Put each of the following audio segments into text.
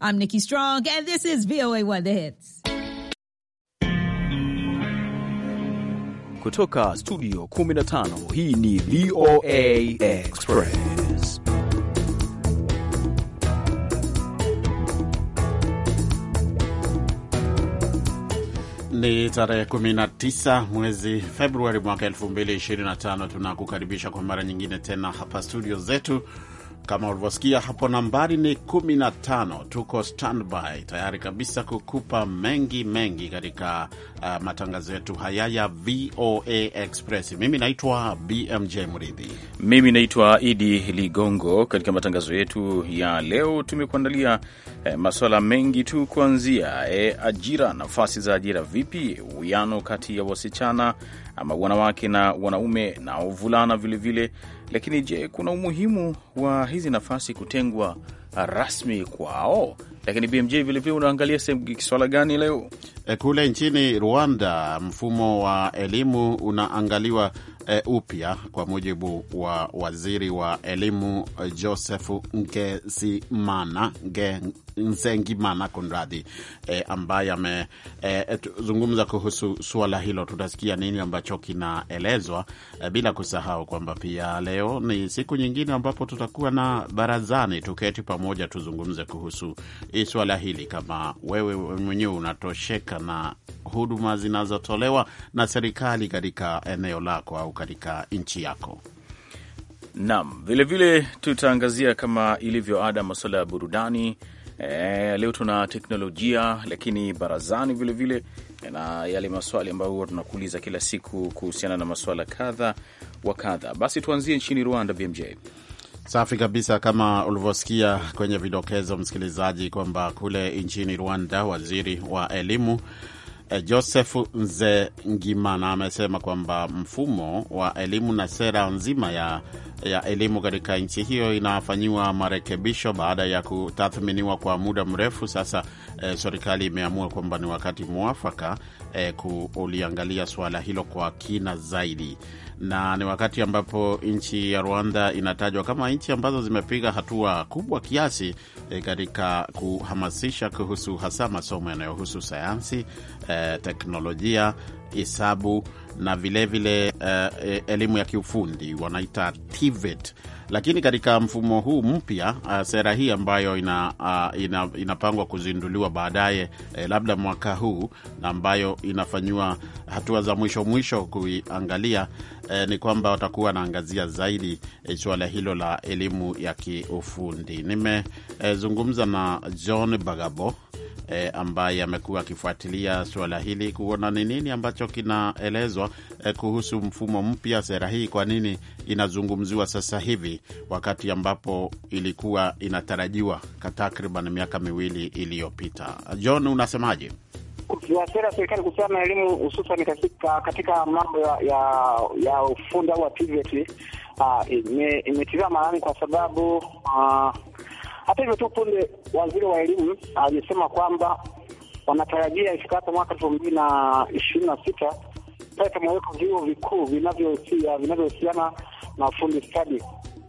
I'm Nikki Strong, and this is VOA One The Hits. Kutoka studio 15, hii ni VOA Express. Ni tarehe 19 mwezi Februari mwaka 2025. Tunakukaribisha kwa mara nyingine tena hapa studio zetu kama ulivyosikia hapo, nambari ni 15. Tuko standby tayari kabisa kukupa mengi mengi katika uh, matangazo yetu haya ya VOA Express. Mimi naitwa BMJ Mridhi, mimi naitwa Idi Ligongo. Katika matangazo yetu ya leo tumekuandalia eh, maswala mengi tu kuanzia eh, ajira, nafasi za ajira, vipi uwiano kati ya wasichana ama wanawake na wanaume na wavulana vilevile lakini je, kuna umuhimu wa hizi nafasi kutengwa ah, rasmi kwao? Lakini BMJ vilevile unaangalia swala gani leo? E, kule nchini Rwanda mfumo wa elimu unaangaliwa e, upya kwa mujibu wa waziri wa elimu Joseph Ngesimana Nsengimana kunradhi, e, eh, ambaye amezungumza eh, eh, e, kuhusu suala hilo. Tutasikia nini ambacho kinaelezwa e, bila kusahau kwamba pia leo ni siku nyingine ambapo tutakuwa na barazani, tuketi pamoja tuzungumze kuhusu suala hili, kama wewe mwenyewe unatosheka na huduma zinazotolewa na serikali katika eneo lako au katika nchi yako. Naam, vilevile tutaangazia kama ilivyo ada masuala ya burudani eh, leo tuna teknolojia lakini barazani vilevile vile, na yale maswali ambayo huwa tunakuuliza kila siku kuhusiana na maswala kadha wa kadha. Basi tuanzie nchini Rwanda, BMJ. Safi kabisa, kama ulivyosikia kwenye vidokezo msikilizaji, kwamba kule nchini Rwanda waziri wa elimu Eh, Joseph Nzengimana amesema kwamba mfumo wa elimu na sera nzima ya, ya elimu katika nchi hiyo inafanyiwa marekebisho baada ya kutathminiwa kwa muda mrefu sasa. E, serikali imeamua kwamba ni wakati mwafaka e, kuliangalia suala hilo kwa kina zaidi, na ni wakati ambapo nchi ya Rwanda inatajwa kama nchi ambazo zimepiga hatua kubwa kiasi e, katika kuhamasisha kuhusu hasa masomo yanayohusu sayansi eh, teknolojia, hesabu na vilevile vile, eh, elimu ya kiufundi wanaita TVET. Lakini katika mfumo huu mpya uh, sera hii ambayo ina, uh, ina, inapangwa kuzinduliwa baadaye eh, labda mwaka huu na ambayo inafanyiwa hatua za mwisho mwisho kuiangalia eh, ni kwamba watakuwa wanaangazia zaidi eh, suala hilo la elimu ya kiufundi. Nimezungumza eh, na John Bagabo e, ambaye amekuwa akifuatilia suala hili kuona ni nini ambacho kinaelezwa e, kuhusu mfumo mpya, sera hii, kwa nini inazungumziwa sasa hivi wakati ambapo ilikuwa inatarajiwa takriban miaka miwili iliyopita. John, unasemaje? Kuna sera serikali kuhusiana na elimu hususan katika, katika mambo ya, ya, ya ufundi au activity ah, uh, maanani kwa sababu uh, hata hivyo tu punde waziri wa elimu alisema kwamba wanatarajia ifikapo mwaka elfu mbili na ishirini na sita pale tumeweka vyuo vikuu vinavyohusiana vinavyohusiana na ufundi stadi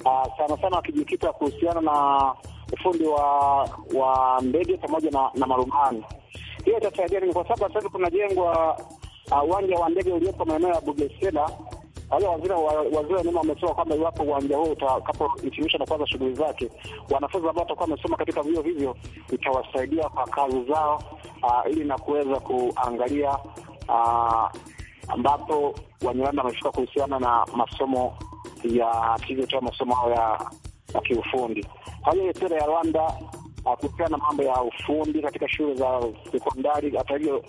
uh, sana sana wakijikita kuhusiana na ufundi wa wa ndege pamoja na, na marumani. Hiyo itasaidia nini? Kwa sababu sasa kunajengwa ah, uwanja uh, wa ndege uliopo maeneo ya Bugesera wale waziri waziri wa elimu wamesema kwamba iwapo uwanja huo utakapohitimisha na kuanza shughuli zake, wanafunzi ambao watakuwa wamesoma katika vyuo hivyo itawasaidia kwa kazi zao, uh, ili na kuweza kuangalia uh, ambapo Wanyarwanda wamefika kuhusiana na masomo ya kivyotoa masomo hayo ya, ya kiufundi. Kwa hiyo sera ya Rwanda ah, kuhusiana na mambo ya ufundi katika shule za sekondari, hata hivyo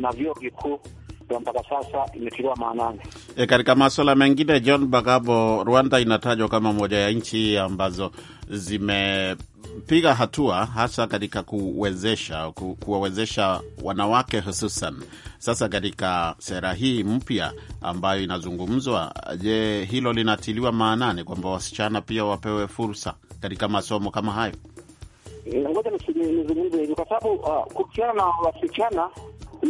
na vyuo vikuu ndio mpaka sasa imetiliwa maanani. E, katika maswala mengine, John Bagabo, Rwanda inatajwa kama moja ya nchi ambazo zimepiga hatua hasa katika kuwezesha ku, kuwawezesha wanawake hususan sasa katika sera hii mpya ambayo inazungumzwa. Je, hilo linatiliwa maanani kwamba wasichana pia wapewe fursa katika masomo kama hayo? Eh, ngoja nizungumze hivi kwa sababu ah, kuhusiana na wasichana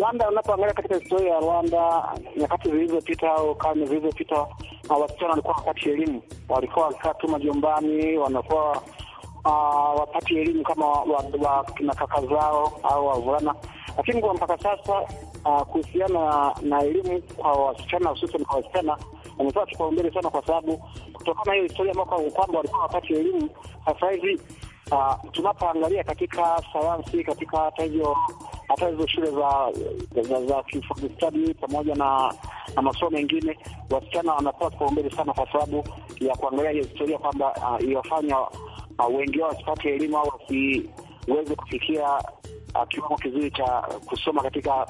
Rwanda, unapoangalia katika historia ya Rwanda nyakati zilizopita au karne zilizopita, na wasichana walikuwa wapati elimu, walikuwa wakikaa tu majumbani, wanakuwa uh, ah, wapati elimu kama kina kaka zao au wavulana, lakini kwa mpaka sasa uh, kuhusiana na elimu kwa wasichana, hususan kwa wasichana wamepewa kipaumbele sana, kwa sababu kutokana na hiyo historia kwamba walikuwa wapati elimu, sasa hivi tunapoangalia katika sayansi katika hata hivyo hata hizo shule za za, za kiufundi stadi pamoja na na masomo mengine, wasichana wanapewa kipaumbele sana kwa sababu ya kuangalia hiyo historia kwamba uh, iliwafanya uh, wengi wao wasipate elimu au wasiweze kufikia uh, kiwango kizuri cha kusoma katika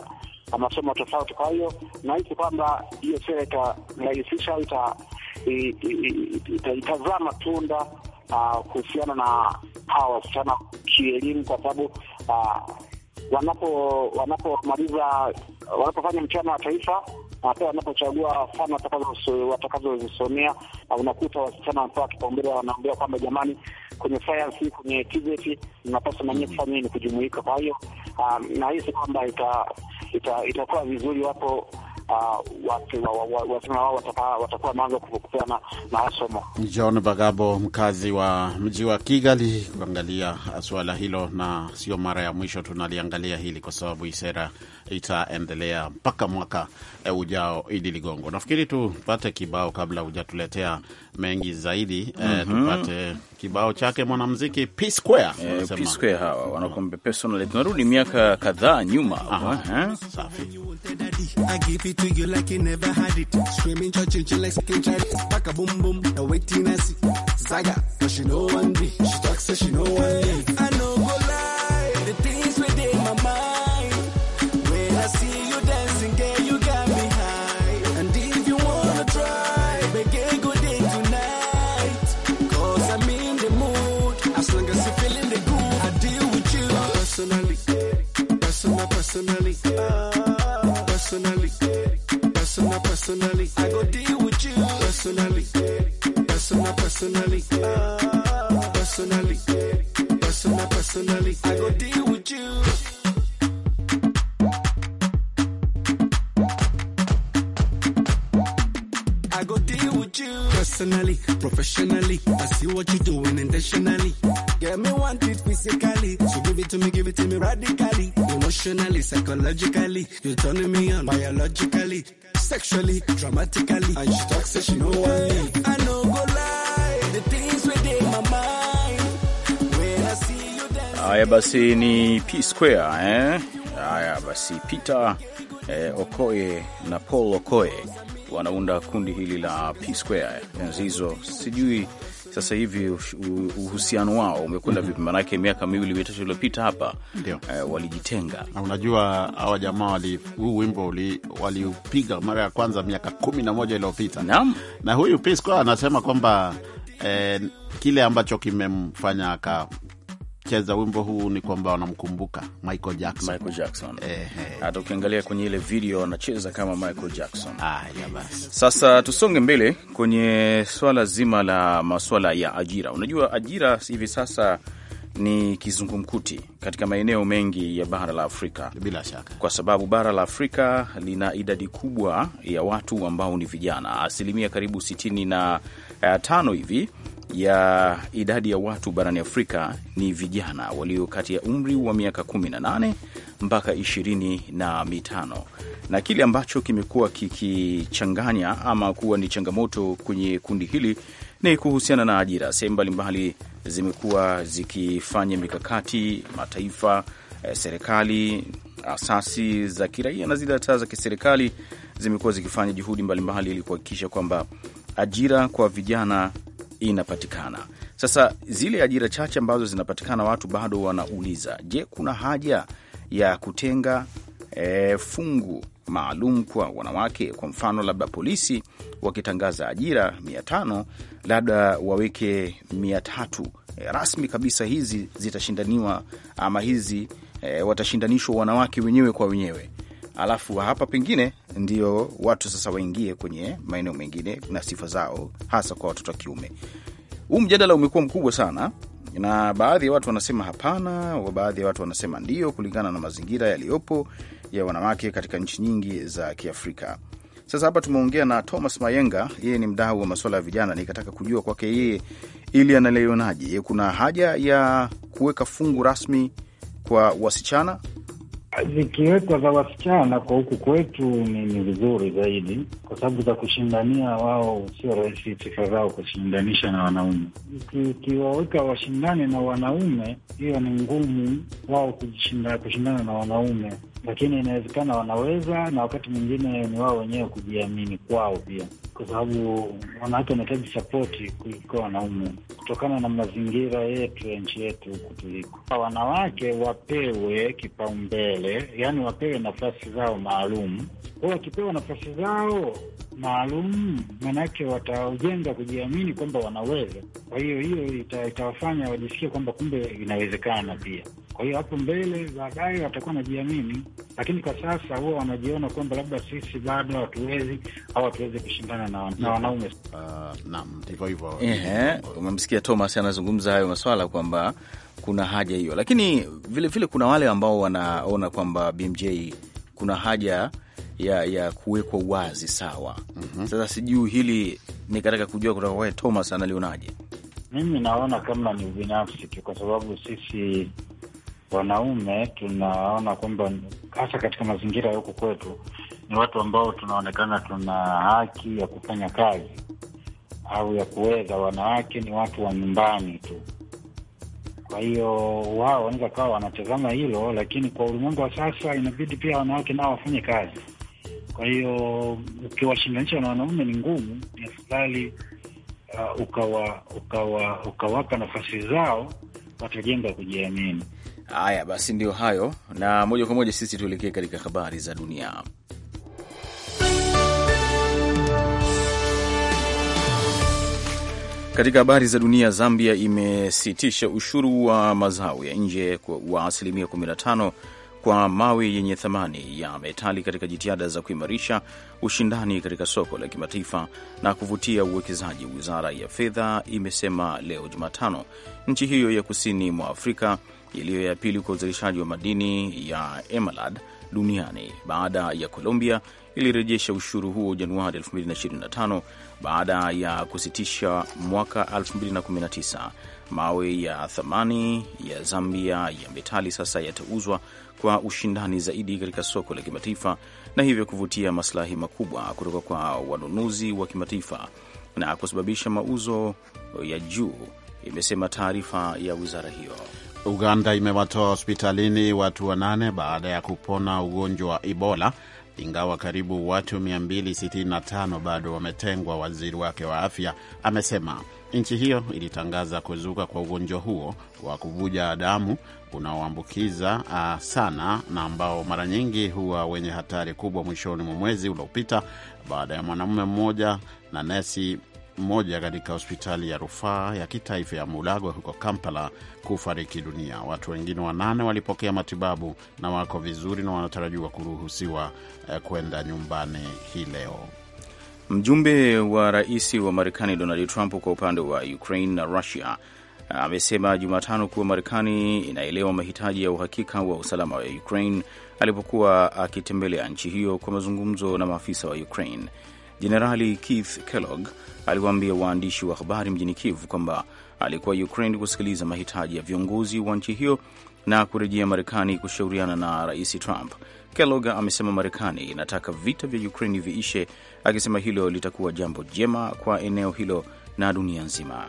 uh, masomo tofauti. Kwa hiyo nahisi kwamba hiyo sera itarahisisha au itazaa matunda uh, kuhusiana na hawa wasichana kielimu, kwa sababu uh, wanapo wanapomaliza wanapofanya mchana wa taifa na pia wanapochagua fani watakazozisomea, na unakuta wasichana wanapewa kipaumbele, wanaambia kwamba jamani, kwenye sayansi, kwenye TVET mnapaswa nanyie kufanya ni kujumuika. Kwa hiyo ah, nahisi kwamba itakuwa vizuri wapo Ah, wasema watakuwa na John Bagabo, mkazi wa mji wa Kigali, kuangalia suala hilo, na sio mara ya mwisho tunaliangalia hili kwa sababu isera itaendelea mpaka mwaka eh, ujao. Idi Ligongo, nafikiri tupate kibao kabla hujatuletea mengi zaidi. mm -hmm. tupate kibao chake mwanamuziki P Square. Eh, P Square hawa wanakuambia personal. Tunarudi miaka kadhaa nyuma. Aha, one one want it physically. So give it to me, give it to me radically. Emotionally, psychologically. You're turning me on biologically, sexually, dramatically. And she talks, so she know what I know, go lie. The things within my mind. When I see you dancing. basi ni P Square, eh? Aya basi Peter eh, Okoye na Paul Okoye wanaunda kundi hili la P Square. Enzi hizo sijui sasa hivi uhusiano wao umekwenda mhm. vipi? Maanake miaka miwili mitatu iliyopita hapa uh, walijitenga. Na unajua hawa jamaa huu wimbo waliupiga mara ya kwanza miaka kumi na moja iliyopita na, na huyu Pisco anasema kwamba eh, kile ambacho kimemfanya wanacheza wimbo huu ni kwamba wanamkumbuka Michael Jackson. Michael Jackson. Eh, hata ukiangalia kwenye ile video anacheza kama Michael Jackson. Ah, ya basi. Sasa tusonge mbele kwenye swala zima la maswala ya ajira. Unajua ajira hivi sasa ni kizungumkuti katika maeneo mengi ya bara la Afrika, bila shaka, kwa sababu bara la Afrika lina idadi kubwa ya watu ambao ni vijana, asilimia karibu sitini na eh, tano hivi ya idadi ya watu barani Afrika ni vijana walio kati ya umri wa miaka 18 mpaka 25, na na kile ambacho kimekuwa kikichanganya ama kuwa ni changamoto kwenye kundi hili ni kuhusiana na ajira. Sehemu mbalimbali zimekuwa zikifanya mikakati, mataifa, eh, serikali, asasi za kiraia na zile taa za kiserikali zimekuwa zikifanya juhudi mbalimbali ili kuhakikisha kwamba ajira kwa vijana inapatikana. Sasa zile ajira chache ambazo zinapatikana, watu bado wanauliza, je, kuna haja ya kutenga e, fungu maalum kwa wanawake? Kwa mfano, labda polisi wakitangaza ajira mia tano labda waweke mia tatu e, rasmi kabisa, hizi zitashindaniwa ama hizi e, watashindanishwa wanawake wenyewe kwa wenyewe alafu hapa pengine ndio watu sasa waingie kwenye maeneo mengine na sifa zao, hasa kwa watoto wa kiume. Huu mjadala umekuwa mkubwa sana, na baadhi ya watu wanasema hapana, baadhi ya watu wanasema ndio, kulingana na mazingira yaliyopo ya wanawake katika nchi nyingi za Kiafrika. Sasa hapa tumeongea na Thomas Mayenga, yeye ni mdau wa masuala ya vijana. Nikataka kujua kwake yeye ili analionaje, kuna haja ya kuweka fungu rasmi kwa wasichana zikiwekwa za wasichana kwa huku kwetu ni, ni vizuri zaidi, kwa sababu za kushindania wao sio rahisi sifa zao kushindanisha na wanaume. Ukiwaweka washindane na wanaume, hiyo ni ngumu wao kushindana na wanaume lakini inawezekana wanaweza, na wakati mwingine ni wao wenyewe kujiamini kwao pia, kwa sababu wanawake wanahitaji sapoti kuliko wanaume kutokana na mazingira yetu ya nchi yetu huku tuliko. Wanawake wapewe kipaumbele, yaani wapewe nafasi zao maalum. Kwao wakipewa nafasi zao maalum, maanake wataujenga kujiamini kwamba wanaweza. Kwa hiyo hiyo ita, itawafanya wajisikie kwamba kumbe inawezekana pia. Kwa hiyo hapo mbele baadaye watakuwa wanajiamini, lakini kwa sasa huwa wanajiona kwamba labda sisi bado hatuwezi au hatuwezi kushindana na, na wanaume. Uh, naam, ndivyo hivyo. Ehe, umemsikia Thomas anazungumza hayo maswala kwamba kuna haja hiyo, lakini vilevile vile kuna wale ambao wanaona kwamba BMJ kuna haja ya ya kuwekwa uwazi sawa. mm -hmm. Sasa sijui hili ni katika kujua kutoka kwake Thomas analionaje? Mimi naona kama ni ubinafsi tu, kwa sababu sisi wanaume tunaona kwamba hasa katika mazingira ya huku kwetu ni watu ambao tunaonekana tuna haki ya kufanya kazi au ya kuweza. Wanawake ni watu wa nyumbani tu. Kwa hiyo wao wanaweza kawa wanatazama hilo, lakini kwa ulimwengu wa sasa inabidi pia wanawake nao wafanye kazi. Kwa hiyo ukiwashinganisha na wanaume ni ngumu, ni afadhali uh, ukawa ukawapa ukawa nafasi zao, watajenga kujiamini. Haya basi, ndio hayo, na moja kwa moja sisi tuelekee katika habari za dunia. Katika habari za dunia, Zambia imesitisha ushuru wa mazao ya nje wa asilimia 15 kwa mawe yenye thamani ya metali katika jitihada za kuimarisha ushindani katika soko la kimataifa na kuvutia uwekezaji, wizara ya fedha imesema leo Jumatano. Nchi hiyo ya kusini mwa Afrika iliyo ya pili kwa uzalishaji wa madini ya emalad duniani baada ya Colombia ilirejesha ushuru huo Januari 2025 baada ya kusitisha mwaka 2019. Mawe ya thamani ya Zambia ya metali sasa yatauzwa kwa ushindani zaidi katika soko la kimataifa na hivyo kuvutia masilahi makubwa kutoka kwa wanunuzi wa kimataifa na kusababisha mauzo ya juu, imesema taarifa ya wizara hiyo. Uganda imewatoa hospitalini watu wanane baada ya kupona ugonjwa wa Ebola, ingawa karibu watu 265 bado wametengwa. Waziri wake wa afya amesema nchi hiyo ilitangaza kuzuka kwa ugonjwa huo wa kuvuja damu unaoambukiza ah, sana na ambao mara nyingi huwa wenye hatari kubwa mwishoni mwa mwezi uliopita baada ya mwanamume mmoja na nesi mmoja katika hospitali ya rufaa ya kitaifa ya Mulago huko Kampala kufariki dunia. Watu wengine wanane walipokea matibabu na wako vizuri na wanatarajiwa kuruhusiwa eh, kwenda nyumbani hii leo. Mjumbe wa rais wa Marekani Donald Trump kwa upande wa Ukraine na Russia eh, amesema Jumatano kuwa Marekani inaelewa mahitaji ya uhakika wa usalama wa Ukraine alipokuwa akitembelea nchi hiyo kwa mazungumzo na maafisa wa Ukraine. Jenerali Keith Kellogg aliwaambia waandishi wa habari mjini Kiev kwamba alikuwa Ukraine kusikiliza mahitaji ya viongozi wa nchi hiyo na kurejea Marekani kushauriana na Rais Trump. Kellogg amesema Marekani inataka vita vya Ukraine viishe, akisema hilo litakuwa jambo jema kwa eneo hilo na dunia nzima.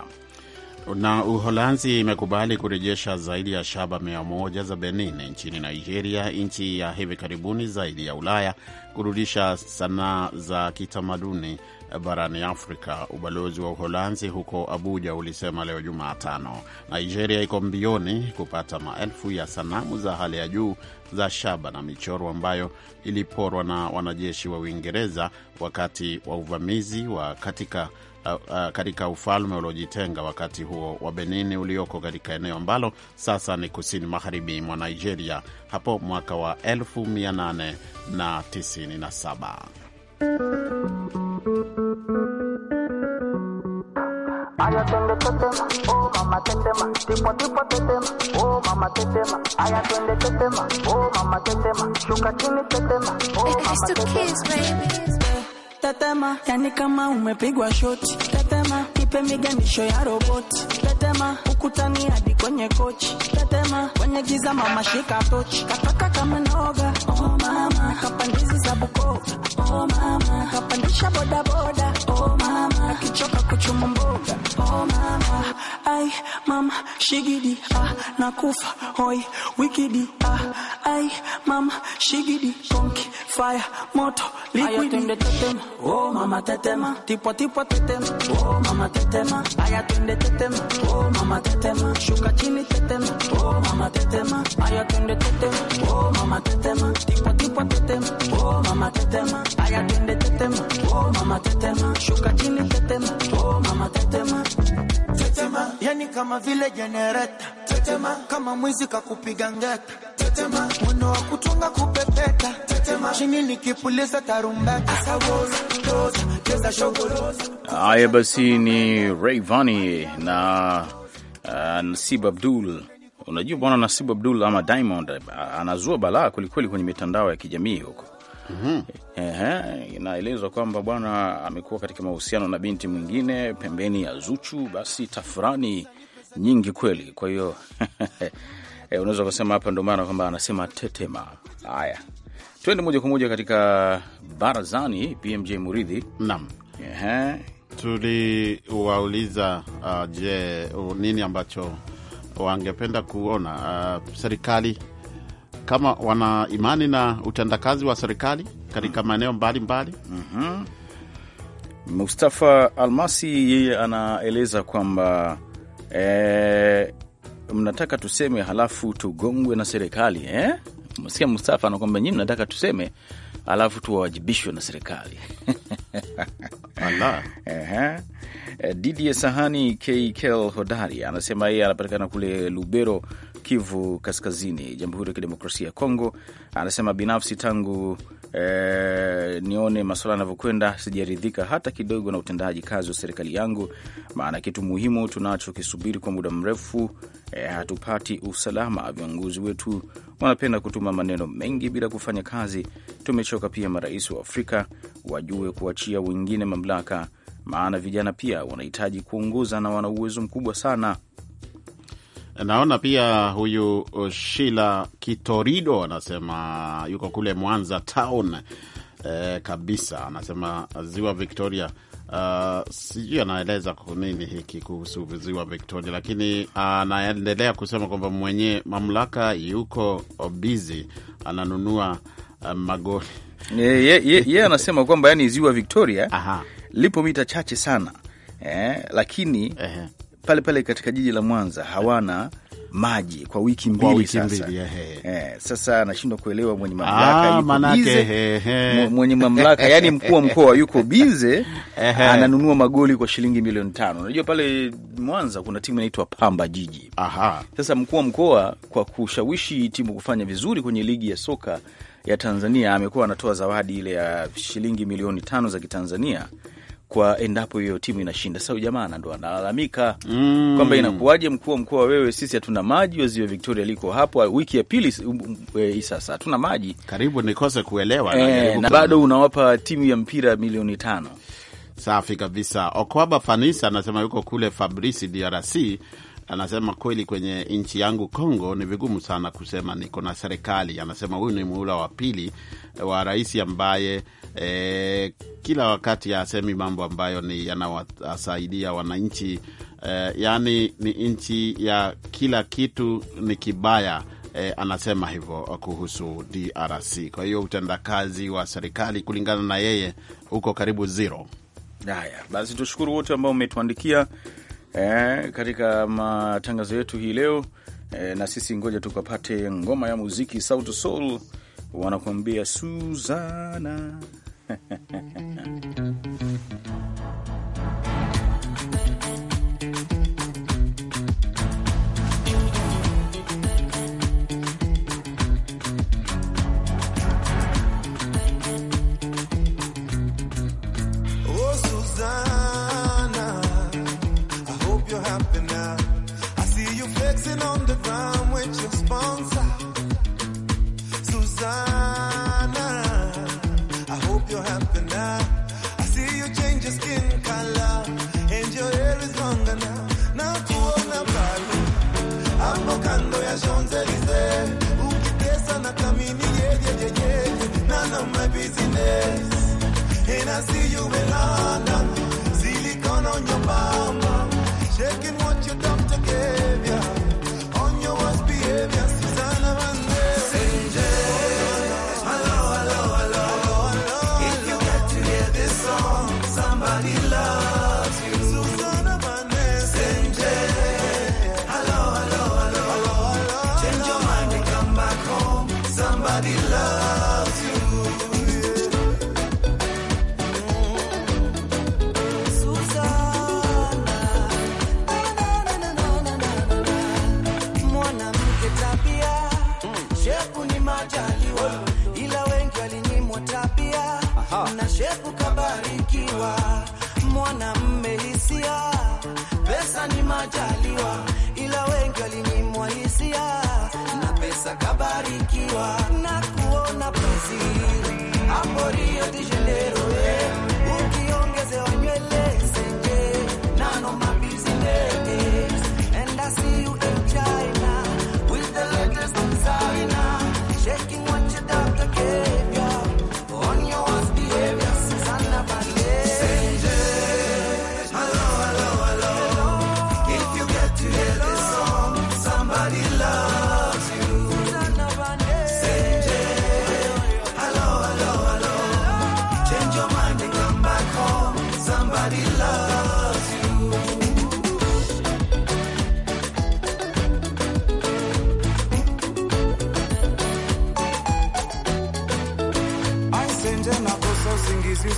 Na Uholanzi imekubali kurejesha zaidi ya shaba mia moja za Benin nchini Nigeria, nchi ya hivi karibuni zaidi ya Ulaya kurudisha sanaa za kitamaduni barani Afrika. Ubalozi wa Uholanzi huko Abuja ulisema leo Jumatano Nigeria iko mbioni kupata maelfu ya sanamu za hali ya juu za shaba na michoro ambayo iliporwa na wanajeshi wa Uingereza wakati wa uvamizi wa katika uh, uh, katika ufalme uliojitenga wakati huo wa Benini ulioko katika eneo ambalo sasa ni kusini magharibi mwa Nigeria hapo mwaka wa 1897. Aya tetema, yani kama umepigwa shoti. Tetema, ipe miganisho ya roboti. Tetema, ukutani hadi kwenye kochi kwenye giza, mama shika tochi, kataka kama noga. Oh mama, kapandizi za Bukoba. Oh mama, kapandisha boda boda. Oh mama, kichoka kuchuma mboga. Oh mama, ai mama shigidi ah, nakufa hoi wikidi ah, ai mama shigidi konki fire moto liquidi. tetema Oh mama tetema, tipo tipo tetema. Oh mama tetema, aya tende tetema. Oh mama tetema, shuka chini tetema. Oh mama tetema tetema, aya twende tetema, oh mama tetema, tipo tipo tetema, oh mama tetema, aya twende tetema, oh mama tetema, shuka chini tetema, oh mama tetema, tetema, yani kama vile generator. tetema, kama mwizi kakupiga ngeta tetema, mwana wa kutunga kupepeta tetema, chini nikipuliza tarumbeta Aya basi ni Rayvanny na uh, Nasib Abdul Unajua bwana Nasibu Abdul ama Diamond eh, anazua balaa kwelikweli kwenye mitandao ya kijamii huko. Mm -hmm. Inaelezwa kwamba bwana amekuwa katika mahusiano na binti mwingine pembeni ya Zuchu, basi tafurani nyingi kweli. Kwa hiyo e, unaweza kusema hapa ndo maana kwamba anasema tetema. Haya, twende moja kwa moja katika barazani. PMJ Muridhi, naam, tuliwauliza uh, je, nini ambacho wangependa kuona uh, serikali kama wana imani na utendakazi wa serikali katika mm-hmm. maeneo mbalimbali mm -hmm. Mustafa Almasi yeye anaeleza kwamba e, mnataka tuseme halafu tugongwe na serikali eh? Msikia Mustafa anakwamba nyinyi mnataka tuseme halafu tuwawajibishwe na serikali Eh, Didier Sahani Kkel Hodari anasema yeye anapatikana kule Lubero Kivu Kaskazini, Jamhuri ya Kidemokrasia ya Kongo. Anasema binafsi, tangu e, nione masuala yanavyokwenda, sijaridhika hata kidogo na utendaji kazi wa serikali yangu, maana kitu muhimu tunachokisubiri kwa muda mrefu e, hatupati usalama. Viongozi wetu wanapenda kutuma maneno mengi bila kufanya kazi. Tumechoka pia. Marais wa Afrika wajue kuachia wengine mamlaka, maana vijana pia wanahitaji kuongoza na wana uwezo mkubwa sana. Naona pia huyu uh, Shila Kitorido anasema yuko kule Mwanza town eh, kabisa. Anasema ziwa Victoria Uh, sijui anaeleza nini hiki kuhusu ziwa Victoria, lakini uh, anaendelea uh, kusema kwamba mwenye mamlaka yuko bizi ananunua uh, magoli ye, ye, ye, ye anasema kwamba yani ziwa Victoria Aha. lipo mita chache sana eh, lakini Ehe pale pale katika jiji la Mwanza hawana maji kwa wiki mbili, kwa wiki sasa. he, he. Eh, sasa anashindwa kuelewa mwenye mamlaka ah, mwenye mamlaka yani mkuu wa mkoa yuko bize ananunua magoli kwa shilingi milioni tano. Unajua pale Mwanza kuna timu inaitwa Pamba Jiji. Aha. Sasa mkuu wa mkoa kwa kushawishi timu kufanya vizuri kwenye ligi ya soka ya Tanzania amekuwa anatoa zawadi ile ya shilingi milioni tano za Kitanzania kwa endapo hiyo timu inashinda. Sasa jamaa ndo analalamika mm, kwamba inakuwaje mkuu wa mkoa wewe, sisi hatuna maji. Waziwa Victoria liko hapo, wiki ya pili um, um, eh, hii sasa hatuna maji, karibu nikose kuelewa e, na bado unawapa timu ya mpira milioni tano. Safi kabisa. Okwaba Fanisa anasema yuko kule Fabrisi, DRC Anasema kweli, kwenye nchi yangu Kongo ni vigumu sana kusema niko na serikali. Anasema huyu ni muhula wa pili eh, wa rais ambaye e, kila wakati asemi mambo ambayo ni yanawasaidia wananchi e, eh, yani ni nchi ya kila kitu ni kibaya. E, anasema hivyo kuhusu DRC. Kwa hiyo utendakazi wa serikali kulingana na yeye uko karibu zero. Haya basi, tushukuru wote ambao umetuandikia eh, katika matangazo yetu hii leo eh, na sisi ngoja tukapate ngoma ya muziki. Sauti Sol wanakuambia Suzana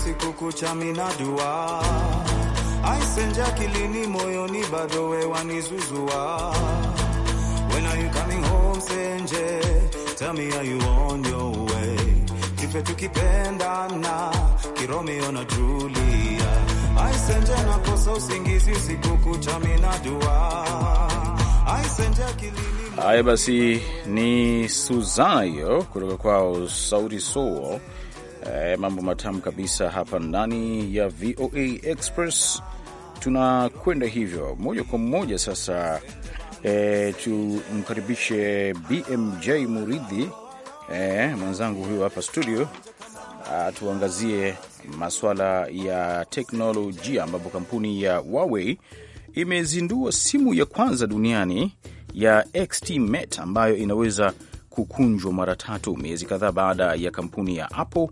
usiku kucha minadua aisenja kilini moyoni bado we wanizuzua When are you coming home Senje tell me are you on your way Kipe tukipendana kiromeo na Julia aisenje nakosa usingizi usiku kucha minadua Haya basi, ni Suzana hiyo kutoka kwao Sauti Soul E, mambo matamu kabisa hapa ndani ya VOA Express. Tunakwenda hivyo moja kwa moja sasa, E, tumkaribishe BMJ Muridhi, e, mwenzangu huyo hapa studio, atuangazie maswala ya teknolojia ambapo kampuni ya Huawei imezindua simu ya kwanza duniani ya XTMet ambayo inaweza kukunjwa mara tatu, miezi kadhaa baada ya kampuni ya Apple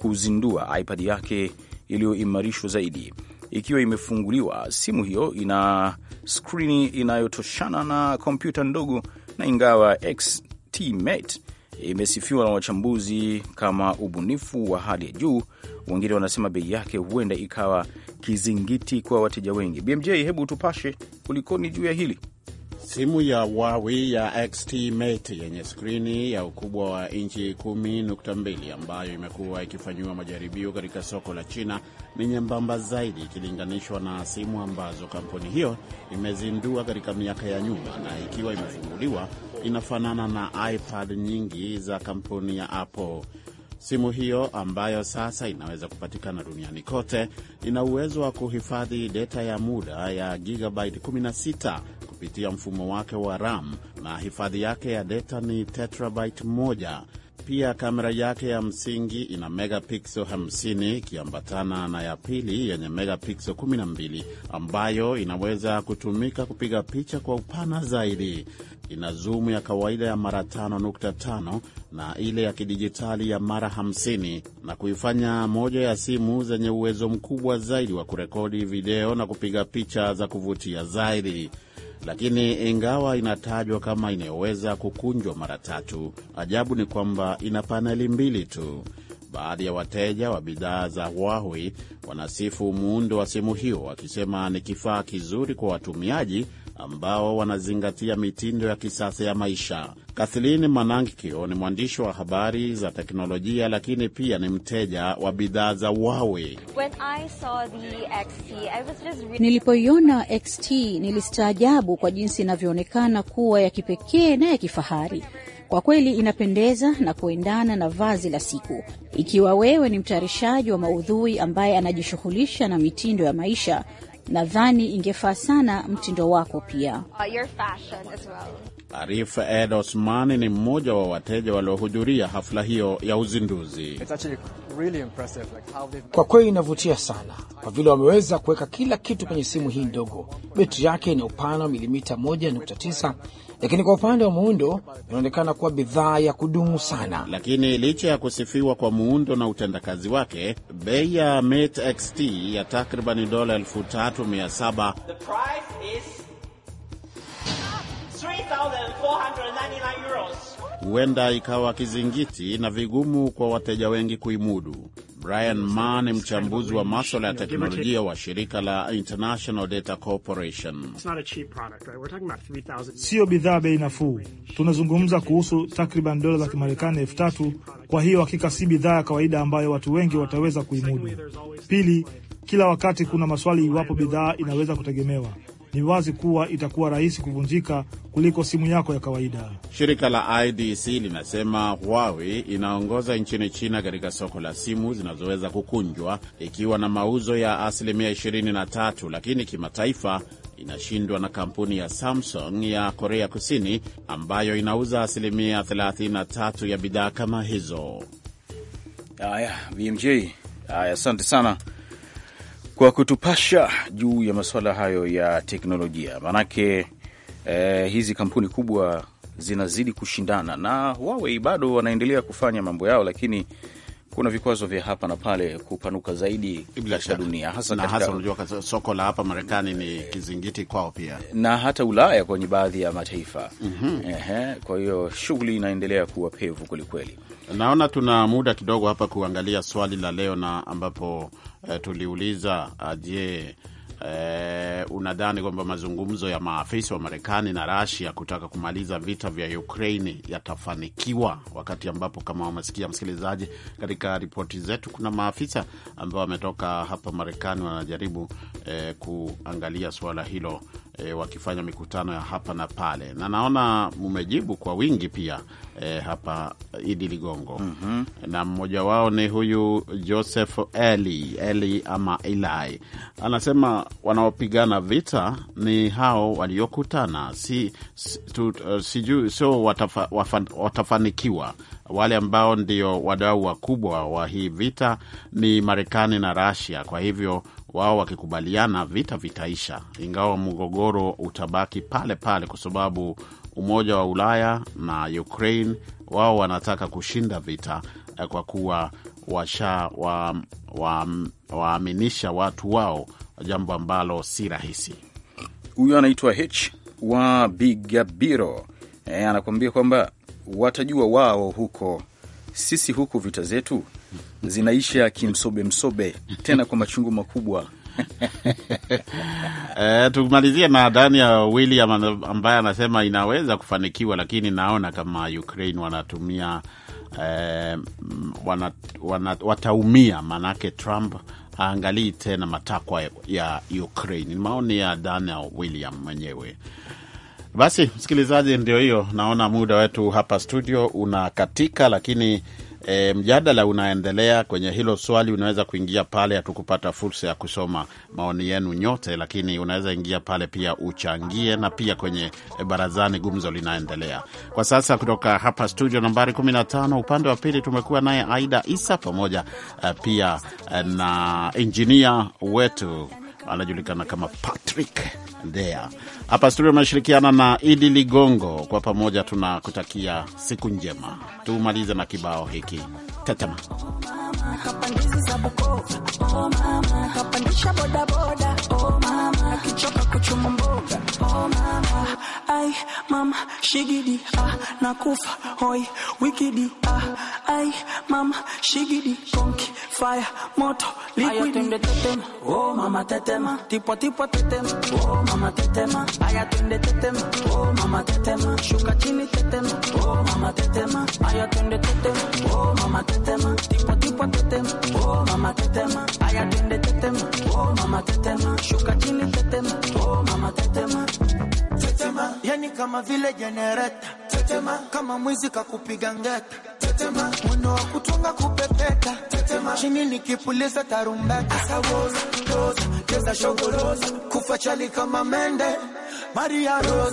kuzindua iPad yake iliyoimarishwa zaidi. Ikiwa imefunguliwa, simu hiyo ina skrini inayotoshana na kompyuta ndogo, na ingawa XTMate imesifiwa na wachambuzi kama ubunifu wa hali ya juu, wengine wanasema bei yake huenda ikawa kizingiti kwa wateja wengi. BMJ, hebu tupashe, kulikoni juu ya hili? Simu ya Huawei ya XT-Mate yenye skrini ya ukubwa wa inchi 10.2 ambayo imekuwa ikifanyiwa majaribio katika soko la China ni nyembamba zaidi ikilinganishwa na simu ambazo kampuni hiyo imezindua katika miaka ya nyuma, na ikiwa imefunguliwa inafanana na iPad nyingi za kampuni ya Apple. Simu hiyo ambayo sasa inaweza kupatikana duniani kote ina uwezo wa kuhifadhi data ya muda ya gigabyte 16 kupitia mfumo wake wa RAM na hifadhi yake ya data ni terabyte moja. Pia kamera yake ya msingi ina megapixel 50 ikiambatana na ya pili yenye megapixel 12 ambayo inaweza kutumika kupiga picha kwa upana zaidi. Ina zumu ya kawaida ya mara 5.5 na ile ya kidijitali ya mara 50 na kuifanya moja ya simu zenye uwezo mkubwa zaidi wa kurekodi video na kupiga picha za kuvutia zaidi lakini ingawa inatajwa kama inayoweza kukunjwa mara tatu, ajabu ni kwamba ina paneli mbili tu. Baadhi ya wateja wa bidhaa za Huawei wanasifu muundo wa simu hiyo, wakisema ni kifaa kizuri kwa watumiaji ambao wanazingatia mitindo ya kisasa ya maisha. Kathleen Manankio ni mwandishi wa habari za teknolojia, lakini pia ni mteja wa bidhaa za Huawei. nilipoiona XT nilistaajabu kwa jinsi inavyoonekana kuwa ya kipekee na ya kifahari. Kwa kweli inapendeza na kuendana na vazi la siku. Ikiwa wewe ni mtayarishaji wa maudhui ambaye anajishughulisha na mitindo ya maisha, Nadhani ingefaa sana mtindo wako pia. Uh, Arif Ed Osman ni mmoja wa wateja waliohudhuria hafla hiyo ya uzinduzi. Really like kwa kweli inavutia sana kwa vile wameweza kuweka kila kitu kwenye simu hii ndogo. Betri yake ina upana wa milimita 1.9 lakini kwa upande wa muundo inaonekana kuwa bidhaa ya kudumu sana. Lakini licha ya kusifiwa kwa muundo na utendakazi wake, bei ya Mate XT ya takribani dola 3700 huenda ikawa kizingiti na vigumu kwa wateja wengi kuimudu. Brian ma ni mchambuzi wa maswala ya teknolojia wa shirika la International Data Corporation. Siyo bidhaa bei nafuu, tunazungumza kuhusu takriban dola za Kimarekani elfu tatu. Kwa hiyo hakika si bidhaa ya kawaida ambayo watu wengi wataweza kuimudu. Pili, kila wakati kuna maswali iwapo bidhaa inaweza kutegemewa ni wazi kuwa itakuwa rahisi kuvunjika kuliko simu yako ya kawaida. Shirika la IDC linasema Huawei inaongoza nchini China katika soko la simu zinazoweza kukunjwa ikiwa na mauzo ya asilimia 23, lakini kimataifa inashindwa na kampuni ya Samsung ya Korea Kusini ambayo inauza asilimia 33 ya bidhaa kama hizo. Haya, BMJ. Haya, asante sana kwa kutupasha juu ya masuala hayo ya teknolojia, maanake eh, hizi kampuni kubwa zinazidi kushindana na Huawei bado wanaendelea kufanya mambo yao, lakini kuna vikwazo vya hapa na pale kupanuka zaidi katika dunia, hasa na hasa unajua soko la hapa Marekani ni kizingiti kwao pia na hata Ulaya kwenye baadhi ya mataifa mm -hmm. Ehe, kwa hiyo shughuli inaendelea kuwa pevu kwelikweli. Naona tuna muda kidogo hapa kuangalia swali la leo na ambapo eh, tuliuliza ah, je, eh, unadhani kwamba mazungumzo ya maafisa wa Marekani na rasia kutaka kumaliza vita vya Ukraini yatafanikiwa, wakati ambapo kama wamesikia msikilizaji, katika ripoti zetu kuna maafisa ambao wametoka hapa Marekani wanajaribu eh, kuangalia suala hilo e, wakifanya mikutano ya hapa na pale, na naona mmejibu kwa wingi pia e, hapa Idi Ligongo. mm -hmm. na mmoja wao ni huyu Joseph Eli Eli ama Eli, anasema wanaopigana vita ni hao waliokutana, si, si, uh, sijui sio watafa, wafan, watafanikiwa wale ambao ndio wadau wakubwa wa hii vita ni Marekani na Rasia. Kwa hivyo wao wakikubaliana vita vitaisha, ingawa mgogoro utabaki pale pale, kwa sababu Umoja wa Ulaya na Ukraine wao wanataka kushinda vita eh, kwa kuwa washawaaminisha wa, wa watu wao, jambo ambalo si rahisi. huyu anaitwa H wa Bigabiro e, eh, anakuambia kwamba watajua wao huko, sisi huku vita zetu zinaisha kimsobe msobe, tena kwa machungu makubwa. E, tumalizie na Daniel William ambaye anasema inaweza kufanikiwa, lakini naona kama Ukraine wanatumia e, wana, wana, wataumia, maanake Trump aangalii tena matakwa ya Ukraine. Maoni ya Daniel William mwenyewe. Basi msikilizaji, ndio hiyo, naona muda wetu hapa studio unakatika, lakini E, mjadala unaendelea kwenye hilo swali. Unaweza kuingia pale, hatukupata fursa ya kusoma maoni yenu nyote, lakini unaweza ingia pale pia uchangie, na pia kwenye eh, barazani gumzo linaendelea kwa sasa. Kutoka hapa studio nambari 15 upande wa pili tumekuwa naye Aida Isa pamoja eh, pia na injinia wetu anajulikana kama Patrick Ndea. Hapa studio ameshirikiana na Idi Ligongo, kwa pamoja tunakutakia siku njema. Tumalize na kibao hiki tetema ai mam shigidi ah nakufa hoi wikidi ah ai mam shigidi konki fire moto liquidi tetema oh mama tetema tipo tipo tetema oh mama tetema aya twende tetema oh mama tetema shuka chini tetema oh mama tetema aya twende tetema oh mama tetema tipo tipo tetema oh mama tetema aya twende tetema oh mama tetema shuka chini tetema oh mama tetema tetema, yani kama vile jenereta tetema, kama mwizi kakupiga ngeta tetema, mwendo wa kutunga kupepeta tetema, chini nikipuliza tarumbeta asawoza toza cheza shogoloza kufa chali kama mende Maria Rosa